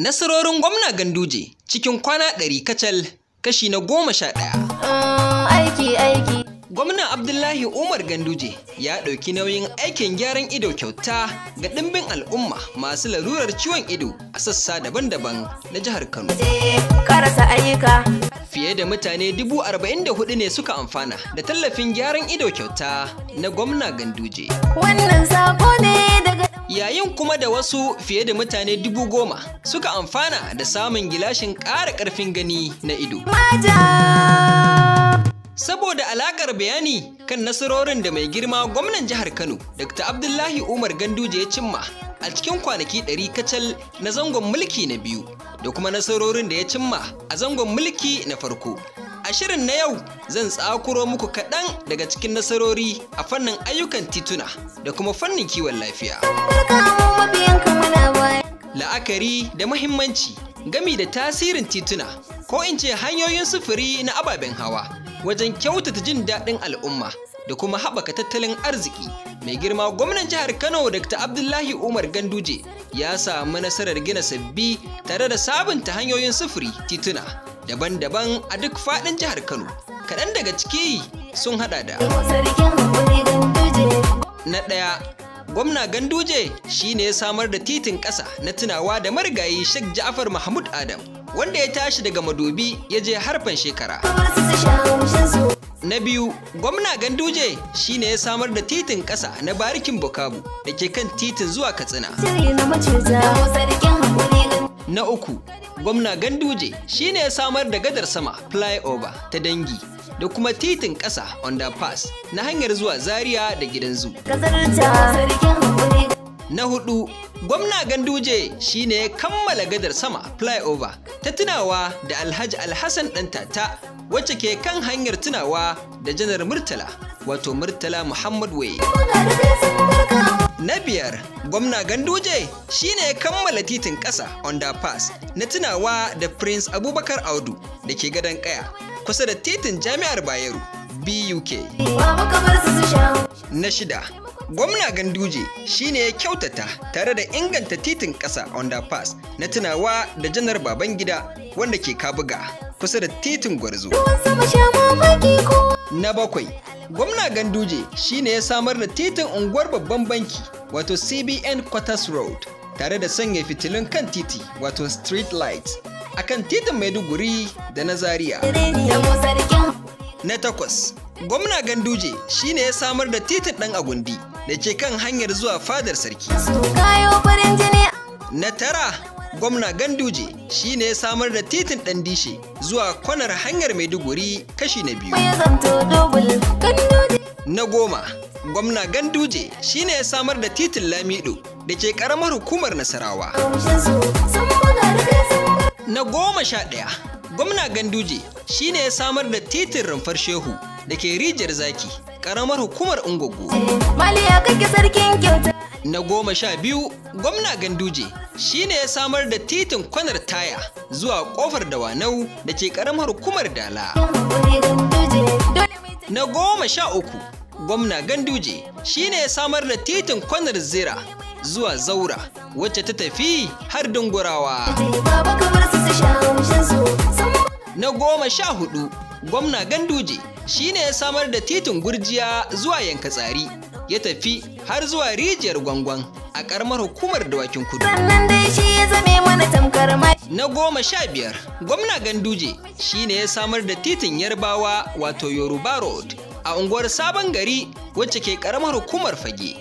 Nasarorin gwamna Ganduje cikin kwana ɗari kacal kashi na goma sha ɗaya. Mm, aiki aiki. Gwamna Abdullahi Umar Ganduje ya ɗauki nauyin aikin gyaran ido kyauta ga ɗimbin al'umma masu larurar ciwon ido a sassa daban-daban na jihar Kano. Fiye da mutane dubu arba'in da hudu ne suka amfana da tallafin gyaran ido kyauta na gwamna Ganduje. Wannan sako ne daga yayin kuma da wasu fiye da mutane dubu goma suka amfana da samun gilashin ƙara ƙarfin gani na ido. Saboda alaƙar bayani kan nasarorin da mai girma gwamnan jihar Kano, Dr. Abdullahi Umar Ganduje ya cimma a cikin kwanaki ɗari kacal na zangon mulki na biyu da kuma nasarorin da ya cimma a zangon mulki na farko. A shirin na yau zan tsakuro muku kaɗan daga cikin nasarori a fannin ayyukan tituna da kuma fannin kiwon lafiya. La'akari da mahimmanci gami da tasirin tituna ko in ce hanyoyin sufuri na ababen hawa wajen kyautata jin daɗin al'umma da kuma haɓaka tattalin arziki mai girma gwamnan jihar kano dr abdullahi umar ganduje ya samu nasarar gina sabbi tare da sabunta hanyoyin sufuri tituna daban-daban a duk faɗin jihar kano kaɗan daga ciki sun haɗa da na ɗaya gwamna ganduje shine ya samar da titin ƙasa na tunawa da marigayi shek ja'far mahmud adam wanda ya tashi daga madobi ya je harfan shekara Na biyu, gwamna Ganduje shi ne ya samar da titin ƙasa na barikin Bukabu da ke kan titin zuwa Katsina. Na uku, gwamna Ganduje shi ne ya samar da gadar sama flyover ta dangi da kuma titin ƙasa underpass na hanyar zuwa Zariya da gidan zu. Na hudu, gwamna Ganduje shine ne kammala gadar sama flyover ta tunawa da Alhaji Alhassan ɗantata wacce ke kan hanyar tunawa da janar Murtala wato Murtala Muhammad Waye. Na biyar, gwamna Ganduje shine ne kammala titin ƙasa underpass na tunawa da Prince Abubakar Audu da ke gadon ƙaya kusa da titin Jami'ar Bayero BUK. Na shida, Gwamna Ganduje shi ne ya kyautata tare da inganta titin ƙasa underpass na tunawa da janar Babangida wanda ke Kabuga kusa da titin Gwarzo. Na bakwai, Gwamna Ganduje shi ne ya samar da titin unguwar babban banki wato CBN Quarters Road tare da sanya fitilun kan titi wato street lights a kan titin Maiduguri da na Zaria. Na takwas, Gwamna Ganduje shi ne ya samar da titin ɗan agundi da ke kan hanyar zuwa fadar sarki. Na tara, gwamna Ganduje shi ne samar da titin ɗan dishe zuwa kwanar hanyar Maiduguri kashi na biyu. Na goma, gwamna Ganduje shi ne samar da titin Lamido da ke ƙaramar hukumar Nasarawa. Na goma sha ɗaya, gwamna Ganduje shi ne samar da titin rumfar Shehu da ke Rijiyar Zaki karamar hukumar Ungogo. Na goma sha biyu, gwamna Ganduje shi ne ya samar da titin kwanar taya zuwa kofar dawanau da ke karamar hukumar Dala. Na goma sha uku, gwamna Ganduje shi ne ya samar da titin kwanar zira zuwa zaura wacce ta tafi har dungurawa. na goma sha hudu gwamna ganduje shi ne ya samar da titin gurjiya zuwa yanka tsari ya tafi har zuwa rijiyar gwangwan a ƙaramar hukumar dawakin kudu na goma sha biyar gwamna ganduje shi ne ya samar da titin yarbawa wato yoruba road a unguwar sabon gari wacce ke karamar hukumar fage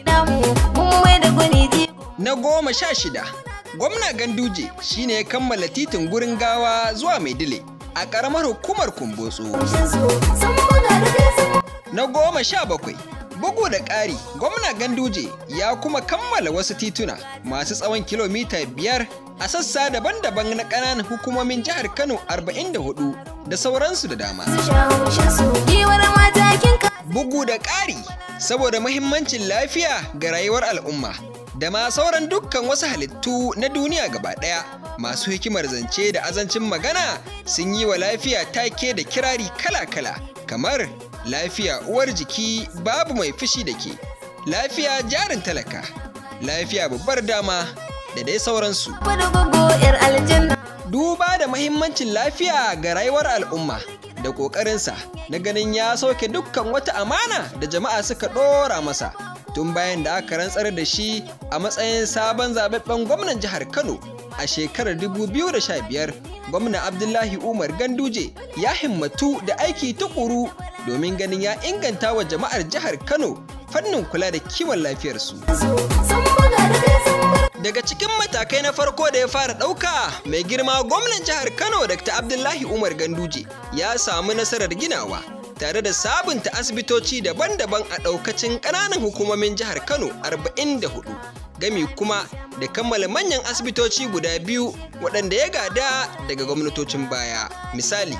na goma sha shida gwamna ganduje shi ne ya kammala titin gurin gawa zuwa maidile a ƙaramar hukumar kumbotso. Na goma sha bakwai bugu da ƙari gwamna ganduje ya kuma kammala wasu tituna masu tsawon kilomita biyar a sassa daban-daban na ƙananan hukumomin jihar kano 44 da sauransu da dama bugu da ƙari saboda mahimmancin lafiya ga rayuwar al'umma da ma sauran dukkan wasu halittu na duniya gaba ɗaya masu hikimar zance da azancin magana sun yi wa lafiya take da kirari kala-kala kamar lafiya uwar jiki babu mai fushi da ke lafiya jarin talaka lafiya babbar dama da dai sauransu duba da mahimmancin lafiya ga rayuwar al'umma da ƙoƙarinsa na ganin ya sauke dukkan wata amana da jama'a suka ɗora masa tun bayan da aka rantsar da shi a matsayin sabon zababben gwamnan jihar Kano a shekarar 2015 gwamna Abdullahi Umar Ganduje ya himmatu da aiki tukuru domin ganin ya inganta wa jama'ar jihar Kano fannin kula da kiwon lafiyarsu. Daga cikin matakai na farko da ya fara ɗauka mai girma gwamnan jihar Kano Dr. Abdullahi Umar Ganduje ya samu nasarar ginawa tare da sabunta asibitoci daban-daban a ɗaukacin ƙananan hukumomin jihar Kano 44 gami kuma da kammala manyan asibitoci guda biyu waɗanda ya gada daga gwamnatocin baya misali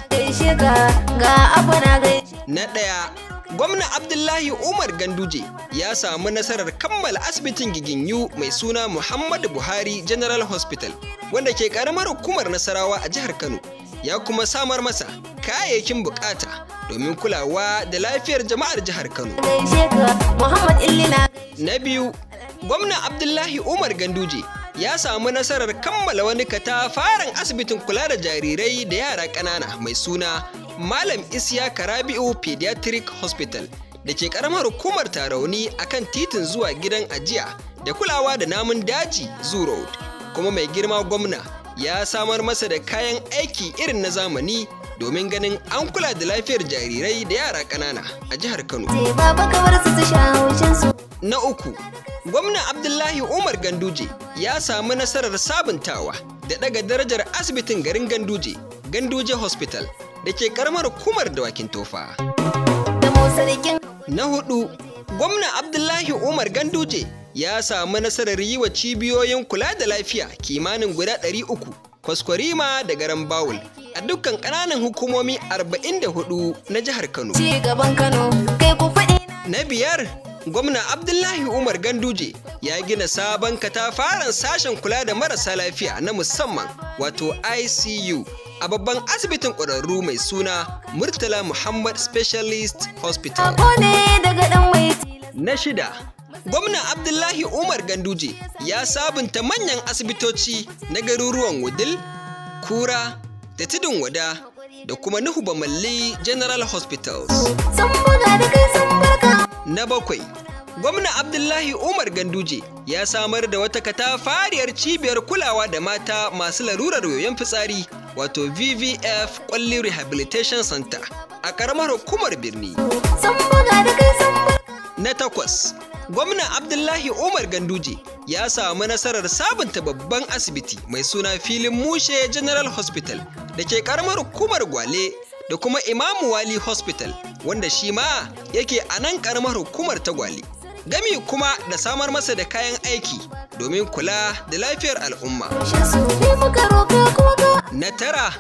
na ɗaya gwamna abdullahi umar ganduje ya samu nasarar kammala asibitin giginyu mai suna muhammadu buhari general hospital wanda ke ƙaramar hukumar nasarawa a jihar kano ya kuma samar masa kayayyakin bukata domin kulawa da lafiyar jama'ar jihar Kano. Na biyu, Gwamnan Abdullahi Umar Ganduje ya samu nasarar kammala wani katafaren asibitin kula da jarirai da yara ƙanana mai suna Malam Isiya Karabi'u Pediatric Hospital da ke ƙaramar hukumar tarauni kan titin zuwa gidan ajiya da kulawa da namun daji Zoo Road. Kuma mai girma gwamna ya samar masa da kayan aiki irin na zamani domin ganin an kula da lafiyar jarirai da yara ƙanana a jihar Kano. Na uku, gwamnan Abdullahi Umar Ganduje ya samu nasarar sabuntawa da ɗaga darajar asibitin garin Ganduje, Ganduje Hospital da ke ƙaramar kumar dawakin tofa. Na hudu, gwamnan Abdullahi Umar Ganduje ya samu nasarar yi wa cibiyoyin kula da lafiya kimanin guda ɗari uku. kwaskwarima da garan bawul a dukkan ƙananan hukumomi 44 na jihar kano na biyar gwamna abdullahi umar ganduje ya gina sabon katafaren sashen kula da marasa lafiya na musamman wato icu a babban asibitin ƙwararru mai suna murtala muhammad specialist hospital na shida Gwamna Abdullahi Umar Ganduje ya sabunta manyan asibitoci na garuruwan Wudil, Kura da Tudun Wada da kuma Nuhu Bamalli General Hospitals. Na bakwai, gwamna Abdullahi Umar Ganduje ya samar da wata katafariyar cibiyar kulawa da mata masu larurar yoyon fitsari wato VVF Kwalli Rehabilitation Center a ƙaramar hukumar birni. Na takwas, gwamna Abdullahi Umar Ganduje ya samu nasarar sabunta babban asibiti mai suna filin mushe General Hospital da ke karamar hukumar Gwale da kuma Imamu Wali Hospital wanda shi ma yake a nan karamar hukumar ta Gwale. Gami kuma da samar masa da kayan aiki domin kula da lafiyar al'umma. Na tara,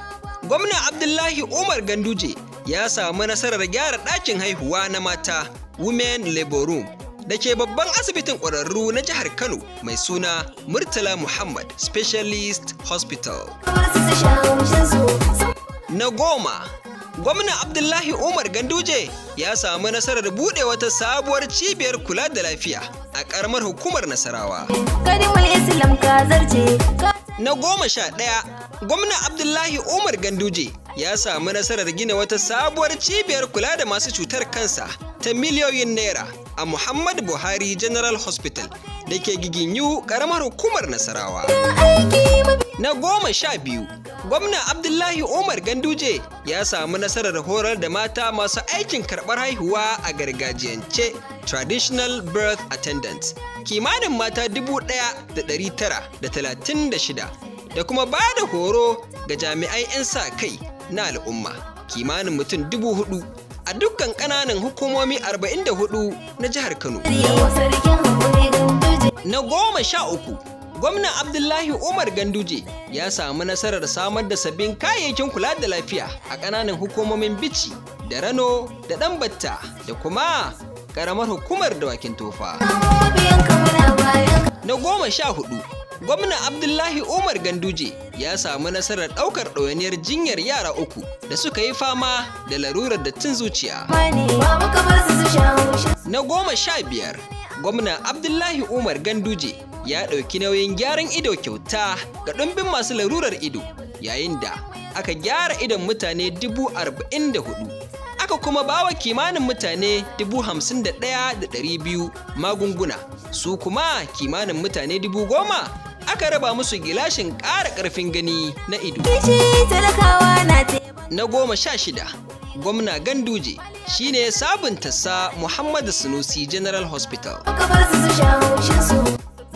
gwamna Abdullahi Umar Ganduje ya samu nasarar gyara ɗakin haihuwa na mata women labor room da ke babban asibitin ƙwararru na jihar kano mai suna murtala muhammad specialist hospital na goma gwamna abdullahi umar ganduje ya samu nasarar buɗe wata sabuwar cibiyar kula da lafiya a ƙaramar hukumar nasarawa na goma sha ɗaya gwamna abdullahi umar ganduje ya samu nasarar gina wata sabuwar cibiyar kula da masu cutar kansa ta miliyoyin naira a Muhammad Buhari General Hospital da ke giginyu karamar hukumar Nasarawa. Na goma sha biyu, gwamna Abdullahi Umar Ganduje ya samu nasarar horar da mata masu aikin karɓar haihuwa a gargajiyance Traditional Birth Attendants, kimanin mata dubu ɗaya da ɗari tara da talatin da shida da kuma ba da horo ga jami'ai 'yan sa kai na al'umma kimanin mutum dubu hudu a dukkan ƙananan hukumomi arba'in da 44 na jihar Kano. Na goma sha uku, gwamnan Abdullahi Umar Ganduje ya samu nasarar samar da sabbin kayayyakin kula da lafiya a ƙananan hukumomin bici da Rano da Ɗanbatta da kuma ƙaramar hukumar dawakin tofa. Na goma sha hudu, Gwamnan abdullahi umar ganduje ya samu nasarar ɗaukar ɗawainiyar jinyar yara uku da suka yi fama da larurar dattin zuciya na goma sha biyar Gwamnan abdullahi umar ganduje ya ɗauki nauyin gyaran ido kyauta ga ɗumbin masu larurar ido yayin da aka gyara idon mutane dubu arba'in da hudu aka kuma bawa kimanin mutane dubu hamsin da ɗaya da ɗari biyu magunguna su kuma kimanin mutane dubu goma aka raba musu gilashin ƙara ƙarfin gani na ido. Na goma sha shida, gwamna Ganduje shi ne sabunta sa Muhammadu Sunusi General Hospital.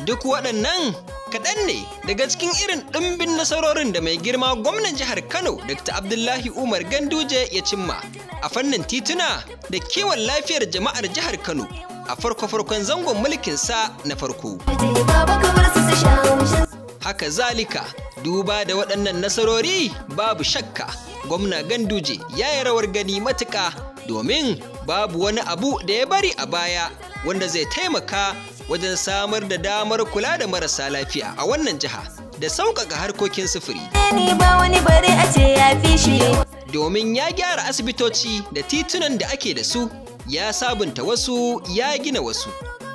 Duk waɗannan kaɗan ne daga cikin irin ɗumbin nasarorin da mai girma gwamnan jihar Kano Dr. Abdullahi Umar Ganduje ya cimma a fannin tituna da kiwon lafiyar jama'ar jihar Kano a farko-farkon zangon mulkin sa na farko. Haka zalika, duba da waɗannan nasarori babu shakka, gwamna Ganduje ya yi rawar gani matuƙa domin babu wani abu da ya bari a baya wanda zai taimaka wajen samar da damar kula da marasa lafiya a wannan jiha da sauƙaƙa harkokin sufuri. Domin ya gyara asibitoci da titunan da ake da su, ya sabunta wasu ya gina wasu,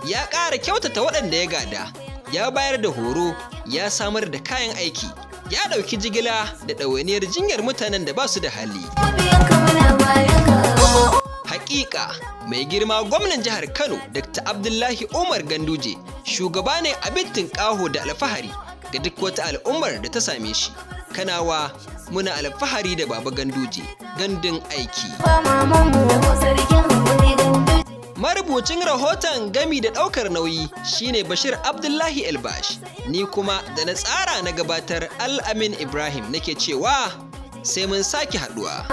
ya ƙara kyautata waɗanda ya gada. ya bayar da horo ya samar da kayan aiki ya ɗauki jigila da ɗawainiyar jinyar mutanen da ba su da hali haƙiƙa, mai girma gwamnan jihar Kano Dr. Abdullahi Umar Ganduje shugaba ne a bittin ƙaho da alfahari ga duk wata al'ummar da ta same shi. Kanawa muna alfahari da baba Ganduje gandun aiki. Marubucin rahoton gami da ɗaukar nauyi shine Bashir Abdullahi Elbash, ni kuma da na tsara na gabatar Al-Amin Ibrahim nake cewa sai mun sake haɗuwa.